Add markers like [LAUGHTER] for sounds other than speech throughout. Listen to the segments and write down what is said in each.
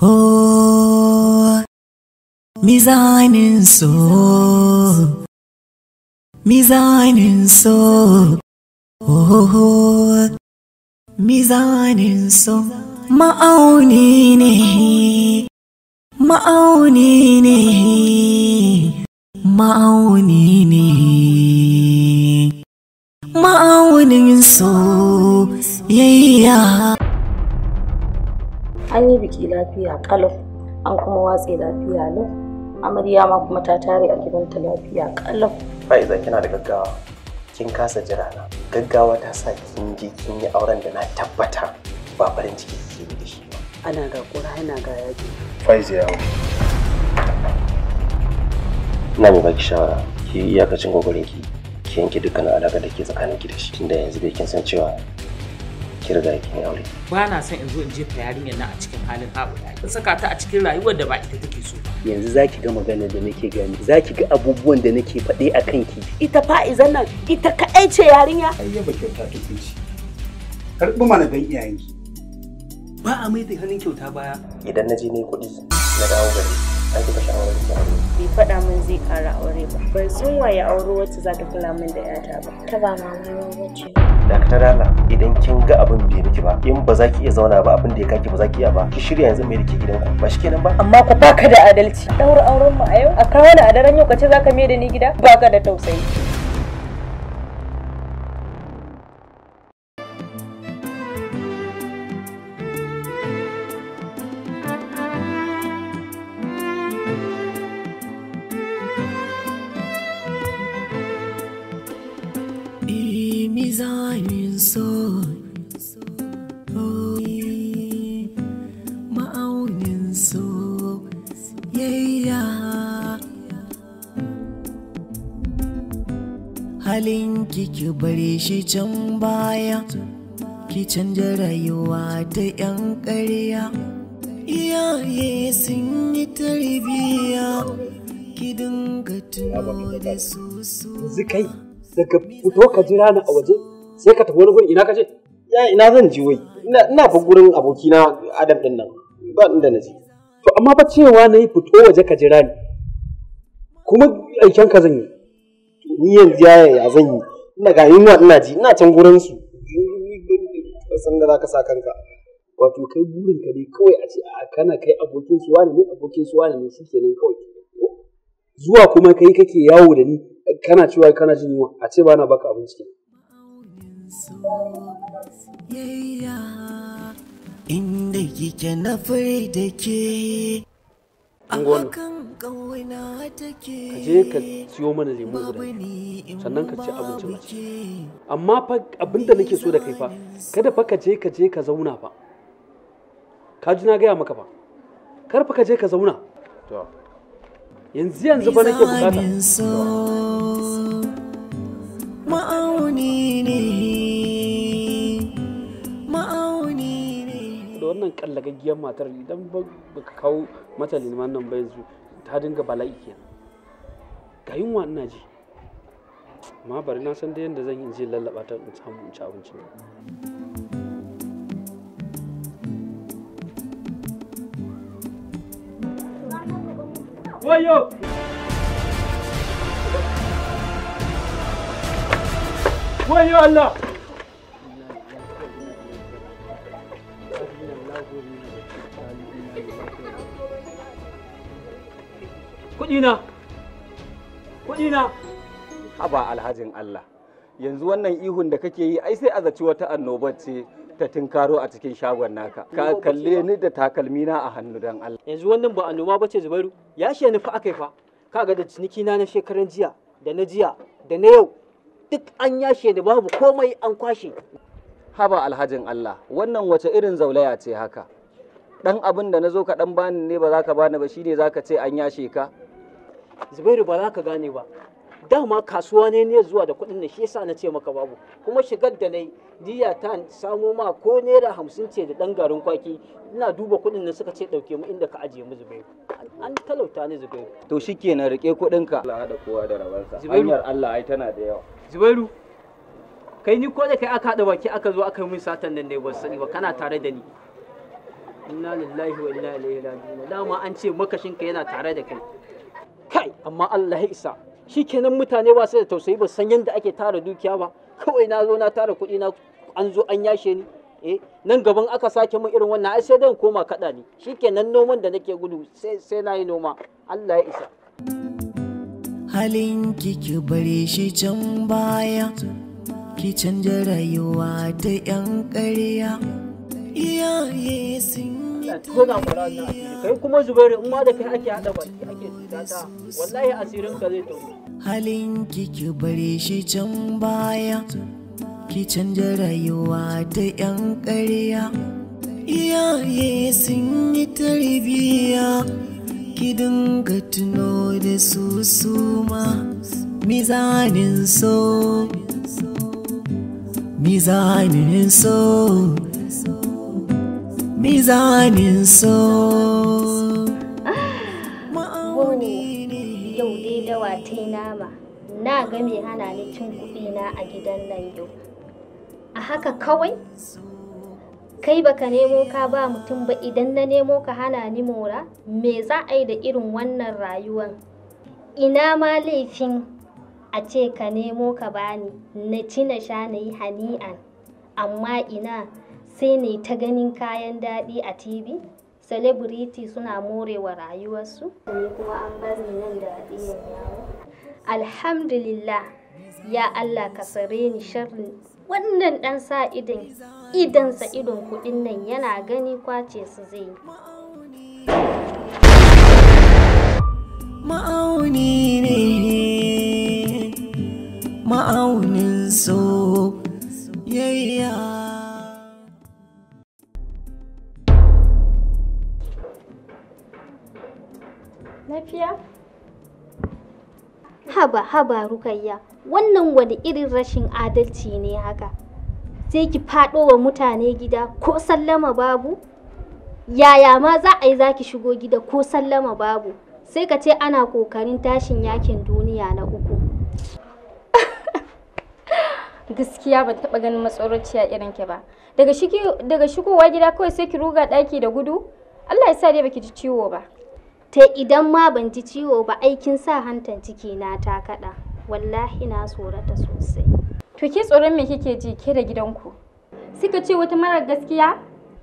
hô mi dài nên số mi dài nên số hô hô mi dài nên số ma ao ni ni ma ao ni ni ma ao ni ni ma ao nên số yeah, yeah. an yi biki lafiya kalaf an kuma watse lafiya lau amarya ma kuma ta tare a gidanta lafiya kalau fa'iza kina da gaggawa kin kasa jira na gaggawa ta sa kin je kin yi auren da na tabbata ba farin ciki kike da shi ana ga kura ana ga yaji faiza yawo ina mai baki shawara ki iyakacin gogorin ki ki yanke dukkan alaka da ke tsakanin ki da shi tunda yanzu bai kin san cewa ki riga aure ba na son in zo in jefa yarinyar nan a cikin halin haɓuya in saka ta a cikin rayuwar da ba ita take so yanzu za ki ga magana da nake gani ki ga abubuwan da nake faɗe a kan ki. ita fa'izan nan ita kaɗai ce yarinya yaba kyauta ta ce karɓi mana don iyayenki ba a mai da hannun kyauta baya idan na je ne kuɗi na dawo gari an kika sha'awar ki aure bai faɗa min zai ƙara aure ba ban san waye auri wacce za ta kula min da yata ba ta ba mamawa wacce Daktar Dala idan kin ga abin bai miki ba in ba za ki iya zauna ba abin da ya kaki ba za ki iya ba ki shirya yanzu mai dake gidanku ba shi kenan ba amma ku baka da adalci ɗaura auren mu a yau a kawo a daren yau za zaka mai da ni gida baka da tausayi ki bare shi can baya ki canja rayuwa ta 'yan ƙarya iyaye sun yi tarbiya ki dinga tuno da su su Zikai, daga fito ka jira ni a waje sai ka tafi wani gurin ina ka ce ya ina zan ji wai ina fa gurin abokina adam din nan ba inda na ji to amma ba cewa na yi fito waje ka jira ni kuma aikin ka zan yi ni yanzu ya zan yi ina ga yunwa ina ji ina can gurin su san da zaka sa kanka wato kai burin ka ne kawai a ce a kana kai abokin su wani ne abokin su wani ne kawai zuwa kuma kai kake yawo da ni kana cewa kana jin yunwa a ce ba na baka abin Inda yake na ka je ka siyo mana lemu guda sannan ka ci abincin a ciki amma fa abinda da nake so da kai fa kada fa ka je ka je ka zauna fa ka ji na gaya maka fa kar fa ka je ka zauna yanzu yanzu fa nake bukata ma'auni ne wannan kallagaggiyar matar idan ba ka kawo mata liman nan ba yanzu ta dinga bala'i ke ga yunwa ina ji ma bari na san da yadda zan yi je lallaba ta in samu in ci abinci Wayo! Wayo Allah! kuɗina kuɗina haba alhajin Allah yanzu wannan ihun da kake yi ai sai a zaci wata annobar ce ta tinkaro a cikin shagon naka ka kalle ni da takalmina a hannu dan Allah yanzu wannan ba annoba bace Zubairu ya she ni fa akai fa kaga da ciniki na na shekaran jiya da na jiya da na yau duk an yashe da babu komai an kwashe haba alhajin Allah wannan wace irin zaulaya ce haka dan abin da na zo ka dan bani ne ba za ka bani ba shine za ka ce an yashe ka zubairu ba za ka gane ba dama kasuwa ne ne zuwa da kuɗin na shi yasa na ce maka babu kuma shigar da nai diya ta samo ma ko naira hamsin ce da ɗan garin kwaki ina duba kuɗin na suka ce ɗauke mu inda ka ajiye mu zubairu an talauta ni zubairu to na rike kuɗin ka Allah hada kowa da rabansa hanyar Allah ai tana da yawa zubairu kai ni ko da kai aka haɗa baki aka zo aka yi min satan nan ne ban sani ba kana tare da ni inna lillahi wa inna ilaihi raji'un dama an ce makashin ka yana tare da kai kai amma Allah ya isa shi kenan mutane ba su da tausayi ba san yadda ake tara dukiya ba kawai na zo na tara kuɗi na an zo an yashe ni eh nan gaban aka sake mun irin wannan ai sai dan koma kaɗa ni shi kenan noman da nake gudu sai sai na yi noma Allah ya isa halin kiki bare shi can baya ki canja rayuwa ta yan ƙarya iyaye sun yi kai kuma zubairu in ma da kai ake hada baki ake matata wallahi asirin ka zai tono halin ki bare shi can baya ki canja rayuwa ta yan ƙarya iyaye sun yi tarbiyya, ki dinga tuno da su suma mizanin so mizanin so mizanin so kiyama na ga mai hana ni cin kuɗina a gidan nan yau a haka kawai kai baka nemo ka ba mutum ba idan na nemo ka hana ni mora me za a yi da irin wannan rayuwan ina ma laifin a ce ka nemo ka bani na ci na sha na yi hani'an amma ina sai ne ta ganin kayan daɗi a tv celebrity suna morewa rayuwarsu kuma an bar nan da yawo alhamdulillah ya Allah ka sare ni sharrin wannan dan sa idan idansa idon kuɗin nan yana gani kwace su zai ma'auni ne ma'aunin so yayya haba haba rukayya wannan wani irin rashin adalci ne haka sai ki faɗo wa mutane gida ko sallama babu yaya ma za a yi za ki shigo gida ko sallama babu sai ka ce ana kokarin tashin yakin duniya na uku [LAUGHS] gaskiya ban taɓa ganin matsorociya irin ki ba daga shigowa gida kawai sai ki ruga ɗaki da gudu allah ya sa dai baki ji ciwo ba ta idan ma ban ji ciwo ba aikin sa hantan ciki na ta kaɗa wallahi na tsorata sosai to ke tsoron me kike ji ke da gidanku suka ce wata mara gaskiya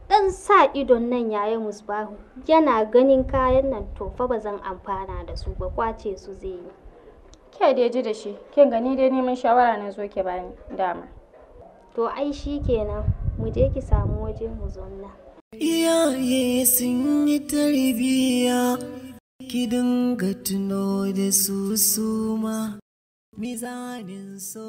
dan sa idon nan yayin musbahu yana ganin kayan nan to fa ba zan amfana da su ba kwace su zai yi ke da ji da shi kin gani dai neman shawara na zo ke bani dama to ai shi kenan mu je ki samu waje mu zauna iyaye sun yi tarbiya ki dinga tuno da su suma mizanin so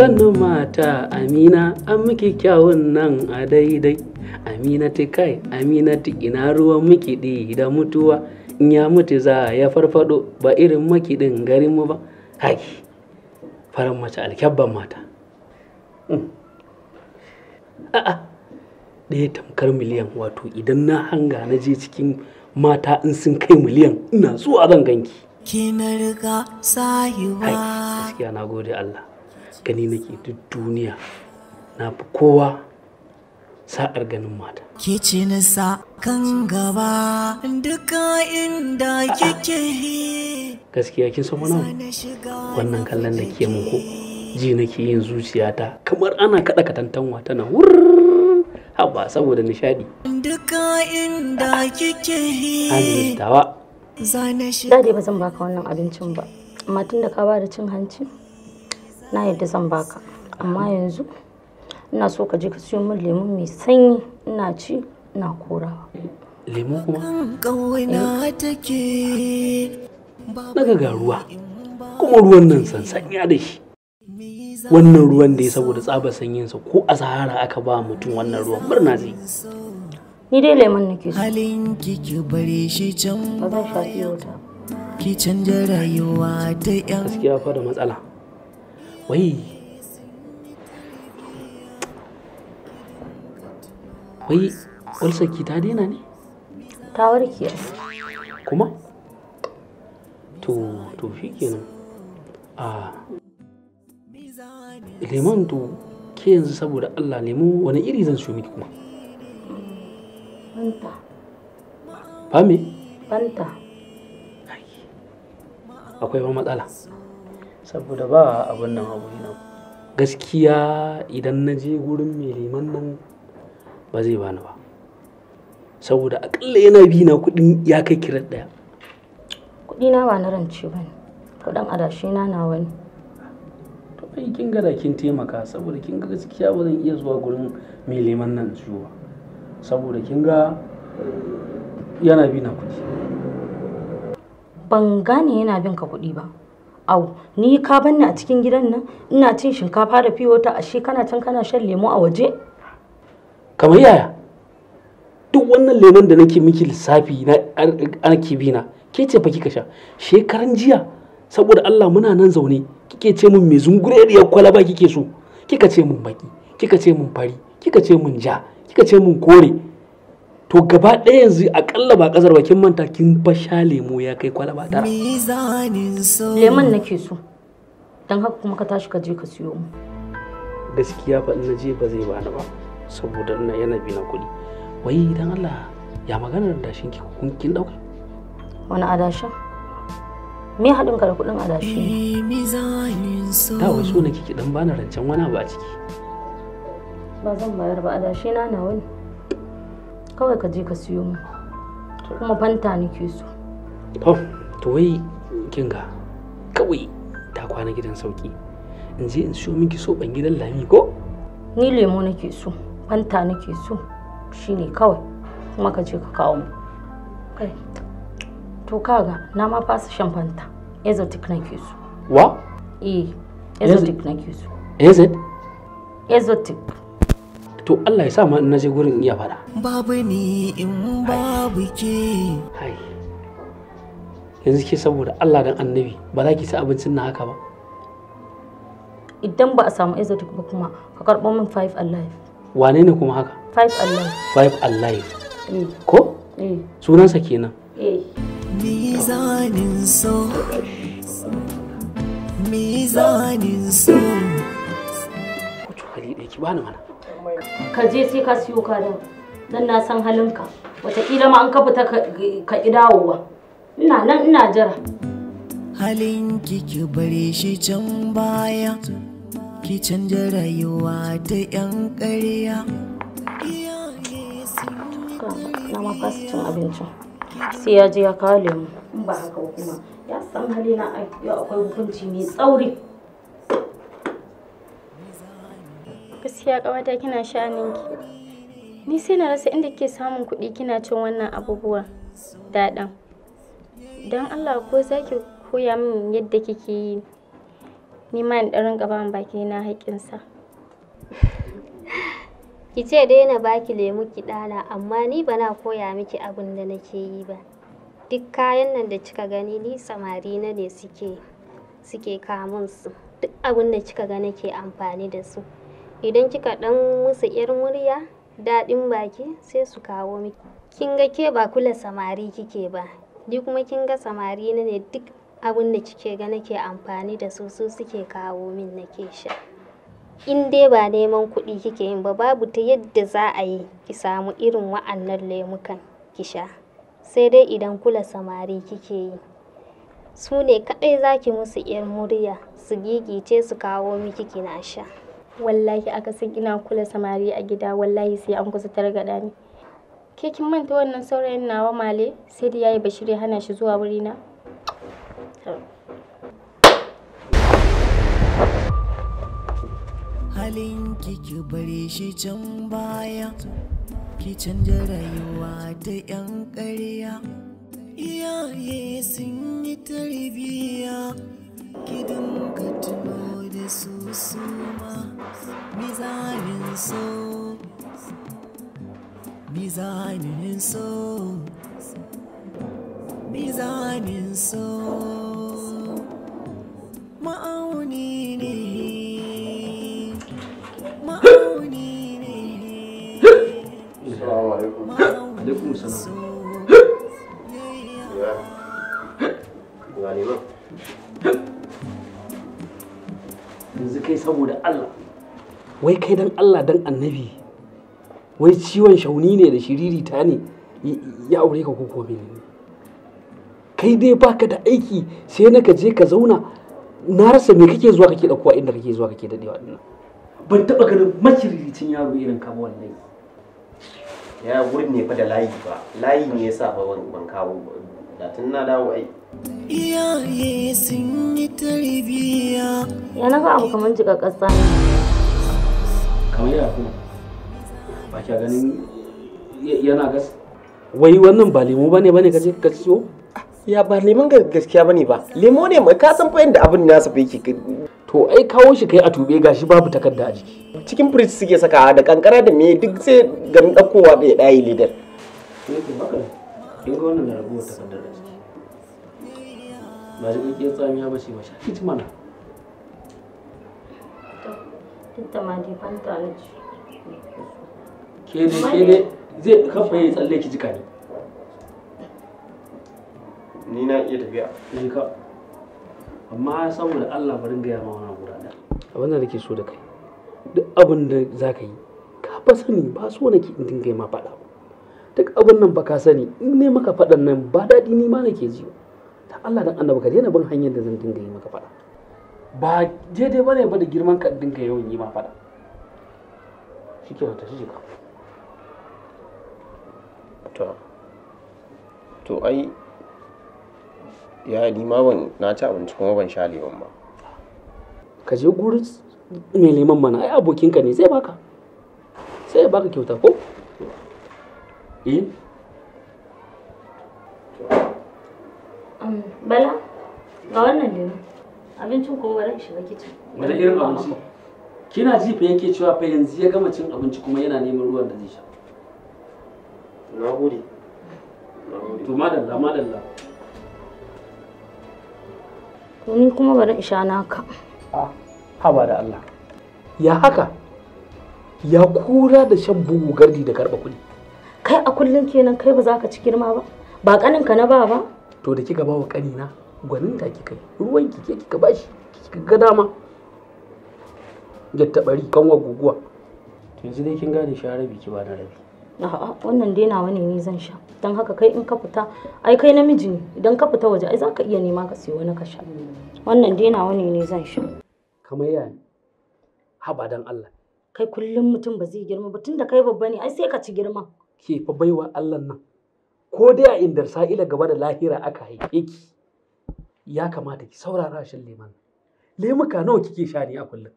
sannan mata amina an miki kyawun nan a daidai Amina ta kai Amina aminati ina ruwan mikiɗi da mutuwa in ya mutu za ya farfado ba irin makiɗin garinmu ba haki farin mace alkyabban mata mm. a'a ɗaya tamkar miliyan wato idan na hanga na je cikin mata in sun kai miliyan ina zuwa zan ganki kina riga gaskiya na gode Allah gani nake duk duniya na fi kowa sa'ar ganin mata. Ke ce nisa kan gaba duka inda kike Gaskiya kin san wani wannan kallon da ke mun ji nake yin zuciyata kamar ana kaɗa katantanwa tana wurr haba saboda nishaɗi. Duka inda kike Dawa. Zane shi. ba zan baka wannan abincin ba. Amma tun da ka ba da cin hanci. na yadda zan baka amma yanzu ina so ka je ka siyo min lemu mai sanyi ina ci ina korawa lemu kuma daga ga ruwa kuma ruwan nan sansan ya da shi wannan ruwan da ya saboda tsaba sanyinsa ko a sahara aka ba mutum wannan ruwan murna zai ni dai lemun nake so halin kike bare shi can ba zan shafi wuta ki canja rayuwa ta yan gaskiya fa da matsala Wai. Wai, ulsa ki ta daina ne? Ta warke. Kuma? To, to shi kenan. A lemon to ke yanzu saboda Allah lemo wani iri zan so miki kuma? Fanta. Fame? Fanta. Akwai wani matsala. saboda ba abin nan abu nan gaskiya idan na je gurin mai liman nan ba zai bani ba saboda akalla yana bi na kuɗin ya kai kiran ɗaya kudi na ba na rance ba ne kuɗin adashi na na wani to ai kin ga da kin taimaka saboda kin ga gaskiya ba zan iya zuwa gurin mai liman nan ciwo saboda kin ga yana bi na kuɗi ban gane yana bin ka kuɗi ba Au, ni ka banni a cikin gidan nan ina cin shinkafa da fiyo ta ashe kana can kana shan lemo a waje? Kamar yaya? Duk wannan lemon da nake miki lissafi na ake bi na ke ce fa kika sha shekaran jiya saboda Allah muna nan zaune kike ce mun me zungureriyar kwalaba kike so kika ce mun baki kika ce mun fari kika ce mun ja kika ce mun kore to gaba ɗaya yanzu akalla ba ƙasar ba kin manta kin fasha lemo ya kai kwalaba tara lemon nake so don haka kuma ka tashi ka je ka siyo mu gaskiya ba na je ba zai bani ba saboda ina yana bi na kuɗi wai idan Allah ya magana da dashin ki kun kin dauka wani adashi me haɗin ka da kuɗin adashi da wai so na ki dan bani rancen wani abu a ciki ba zan bayar ba adashi na nawa ne kawai ka je ka siyo mu kuma fanta nake so to to wai kinga kawai ta kwana gidan sauki in je in siyo miki so ban gidan lami ko ni lemo nake so fanta nake so shine kawai kuma ka je ka kawo mu kai to kaga na ma fa shan fanta exotic nake so wa eh exotic nake so is it exotic to Allah ya sa ma na je gurin iya fada babu ni in babu ke hai yanzu ke saboda Allah dan annabi ba za ki ci abincin na haka ba idan ba a samu izzatu ba kuma ka karɓo min five alive wane ne kuma haka five alive five alive eh. ko eh. sunansa kenan eh. mizanin so mizanin so ku ci hali ɗaya ki bani mana ka je sai ka siyo ka da dan na san halinka wataƙila ma an ka fita ka ƙi ina nan ina jira halin ki ki bare shi can baya ki canja rayuwa ta yan ƙarya na ma fasa cin abincin sai ya je ya kawo lemu in ba haka kuma ya san halina akwai hukunci mai tsauri gaskiya kawata kina ki ni sai na rasa inda kike samun kuɗi kina cin wannan abubuwa daɗin don allah ko za koya min yadda kike yi ni ma in ɗarin gaban baki na haƙƙinsa [LAUGHS] ki ce dai na baki lemu ki ɗana amma ni ba na koya miki abin da nake yi ba duk kayan nan da kika gani ni samari na ne suke suke kamun su duk abin da kika ga nake amfani da su idan kika dan musu yar murya daɗin baki sai su kawo miki kin ga ke ba kula samari kike ba ni kuma kin ga samari ne duk abin da kike ga nake amfani da su su suke kawo min nake sha in dai ba neman kuɗi kike yin ba babu ta yadda za a yi ki samu irin wa'annan lemukan ki sha sai dai idan kula samari kike yi su ne kaɗai zaki musu 'yar murya su gigice su kawo miki kina sha wallahi aka san ina kula samari a gida wallahi sai an kusa targaɗa ni ke kin manta wannan saurayin nawa male sai da yayi bashir ya hana shi zuwa wuri na. halin kiki bare shi can baya ki canja rayuwa ta yan ƙarya iyaye sun yi tarbiya ki dinga tuno da su Suma, souls, designing souls, designing souls. saboda Allah wai kai dan Allah dan annabi wai ciwon shauni ne da shiririta ne ya aure ka koko ne kai dai baka da aiki sai na ka je ka zauna na rasa me kake zuwa kake ɗaukowa inda kake zuwa kake daɗewa ɗin ban taɓa ganin maciriricin yaro irin ka ba wannan ya wurin ne fa da layi ba layi ne yasa ba ban kawo ba na dawo ai iyaye sun yi tarbiya Ya na ga abu kaman jiga ƙasa Kamar yana Ba kya ganin yana gas. Wai wannan ba lemu bane bane kaje ka ciyo? Ya ba lemun gaskiya bane ba. Lemo ne mai kasan fa yadda abin nasa fa yake To ai kawo shi kai a tube gashi babu takarda a jiki. Cikin fridge suke saka da kankara da me duk sai garin ɗaukowa da ya ɗayi lidar. In ga wannan na rabuwar takarda a jiki. Ba ji tsamiya ba ce ba sha mana. Dukkan Ke ne ke ne zai kafa ya tsalle ki jika ne. Ni na eh, Allah bari wannan Abin da nake so da kai duk abin da za ka yi ka fa sani ba so nake in dinga ma faɗa duk abin nan ba sani in ne maka faɗan nan ba daɗi ni ma nake ji ta Allah dan annabi ka daina bin hanyar da zan dinga yi maka faɗa ba daidai bane ba da girman ka dinka yawan yi ma fada shi ke wata shi ka to to ai ya ni ma ban na ci abinci kuma ban sha lemon ba ka je gurin mai neman mana ai abokinka ne zai baka sai ya baka kyauta ko eh bala ga wannan lemon abincin kuma bari in shiga kicin wani irin abinci kina ji fa yake cewa fa yanzu ya gama cin abinci kuma yana neman ruwan da zai sha na gode to madalla madalla to ni kuma bari in sha naka a ah, haba da Allah ya haka ya kura da shan bugu gardi da karba kuɗi kai a kullum kenan kai ba za ka ci girma ba ba kaninka na ba ba to da kika ba wa kanina ta kika yi ruwan ki ke kika bashi kika ga dama bari kan wa guguwa to yanzu dai kin gane sha rabi ki ba na rabi a'a wannan dai nawa ne ni zan sha don haka kai in ka fita ai kai namiji ne idan ka fita waje ai za ka iya nema ka siyo wani ka sha wannan dai nawa ne ni zan sha kamar ya haba dan Allah kai kullum mutum ba zai girma ba tunda kai babba ne ai sai ka ci girma ke fa baiwa Allah nan ko dai a indar sa'ila gaba da lahira aka haife ki ya kamata ki saurara shan leman lemuka nawa kike sha ne a kullum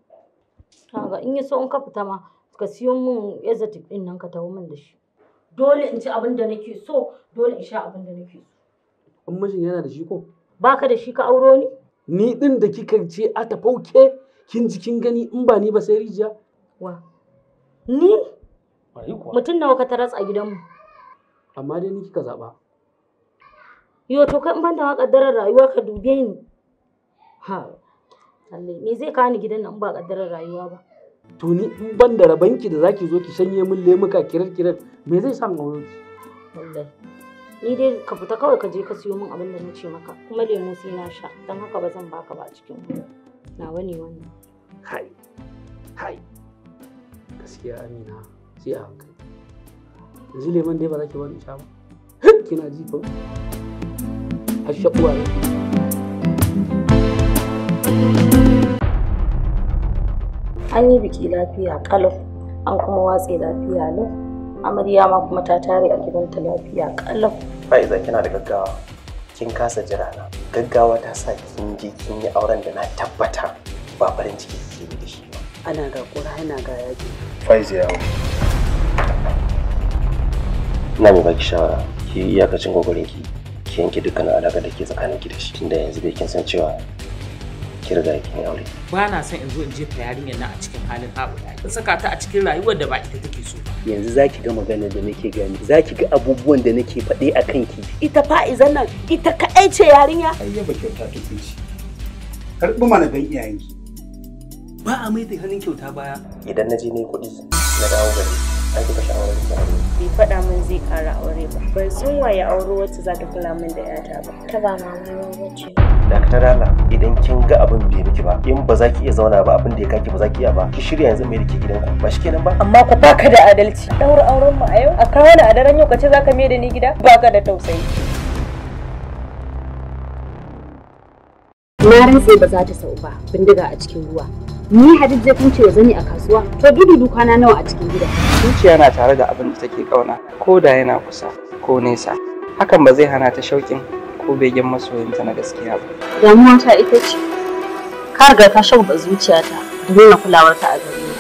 kaga in yi so in ka fita ma ka siyo min exotic din nan ka tawo min da shi dole in ci abin da nake so dole in sha abin da nake so in mijin yana da shi ko baka da shi ka auro ni ni din da kika ce a tafauke kin ji kin gani in ba ni ba sai rijiya wa ni mutum nawa ka taras a gidanmu amma dai ni kika zaba yo to kai in ban da ma kaddarar rayuwa ka dube ni ha Allah me zai kawo ni gidan nan ba kaddarar rayuwa ba to ni in ban da rabanki da zaki zo ki sanye min lemuka kirar kirar me zai sa mu ki wallahi ni dai ka fita kawai ka je ka siyo min abin da na ce maka kuma lemu sai na sha don haka ba zan baka ba cikin nawa ne wannan hai hai gaskiya amina sai a hankali yanzu leman dai ba za ki bani sha ba kina ji ko har shakuwa an yi biki lafiya kalau an kuma watse lafiya lau amarya ma kuma ta tare a gidanta lafiya kalau fa'iza kina da gaggawa kin kasa jira na gaggawa ta sa kin je kin yi auren da na tabbata ba farin ciki kike da shi ba ana ga kura ana ga yaji faiza yawo na mu baki shawara ki iyakacin kokarin ki ki yanke dukkanin alaƙa da ke tsakanin ki da shi tunda yanzu dai kin san cewa ki riga kin aure ba na son in zo in jefa yarinyar nan a cikin halin haɓu ki saka ta a cikin rayuwar da ba ita take so ba yanzu zaki ga maganar da nake gani zaki ga abubuwan da nake faɗe a kanki ita fa izan nan ita ka aice yarinya ba kyauta ta ce karɓi mana dan iyayenki ba a mai da hannun kyauta baya idan na je ne kuɗi na dawo gari ai kuka shawarar da bai faɗa min zai ƙara aure ba ban san waye aure wacce za ta kula min da yata ba ta ba mama wacce dakatar Allah idan kin ga abin bai miki ba in ba za ki iya zauna ba abin da ya kaki ba za ki iya ba ki shirya yanzu mai dake gidanku ba shi kenan ba amma ku ka da adalci ɗaura auren mu a yau a kawo ni a daren yau ka ce za ka mai da ni gida Ba ka da tausayi na rantse ba za ta sau ba bindiga a cikin ruwa ni hadid kun ce wa zani a kasuwa to dudu kwana nawa a cikin gida zuciya na tare da abin da take kauna ko da yana kusa ko nesa hakan ba zai hana ta shauƙin ko begen masoyinta na gaskiya ba damuwa ta ita ce ka riga ka shauƙa zuciyata da nuna ta a gare ni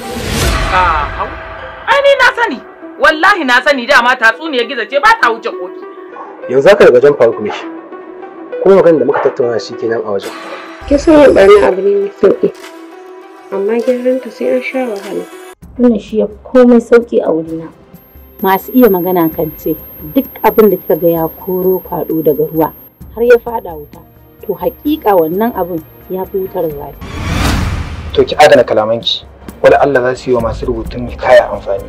ai ni na sani wallahi na sani dama tatsuniyar gizo ce ba ta wuce koki yanzu ka daga jan faru shi kuma maganin da muka tattauna shi kenan a wajen ke san wani abu ne mai sauƙi amma gyaranta sai an sha wahala. Tuna shi ya komai sauƙi a wurina. Masu iya magana kan ce duk abin da kika ga ya koro kwaɗo daga ruwa har ya faɗa wuta. To haƙiƙa wannan abin ya fi wutar zafi. To ki adana kalamanki, wani Allah za su yi wa masu rubutun kaya amfani.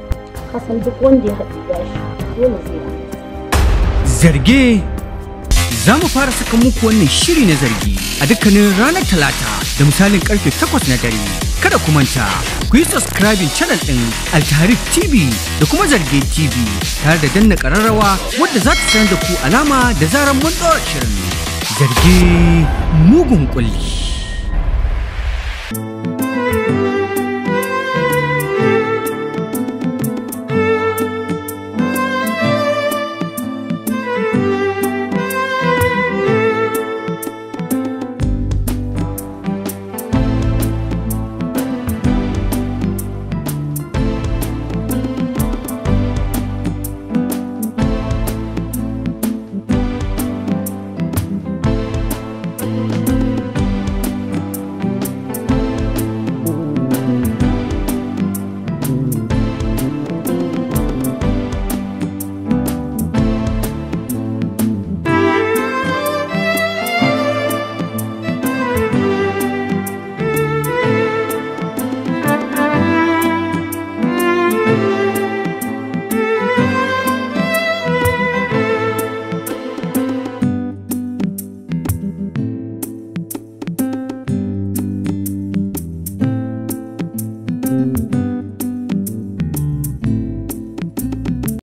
Kasan duk wanda ya haɗu gashi dole zai Zarge za mu fara saka muku wannan shiri na zargi a dukkanin ranar talata da misalin karfe 8 na dare kada ku manta ku yi subscribing channel din altaharif tv da kuma zarge tv tare da danna kararrawa wadda za ta sanar da ku alama da zarar mun shirin zarge mugun kulli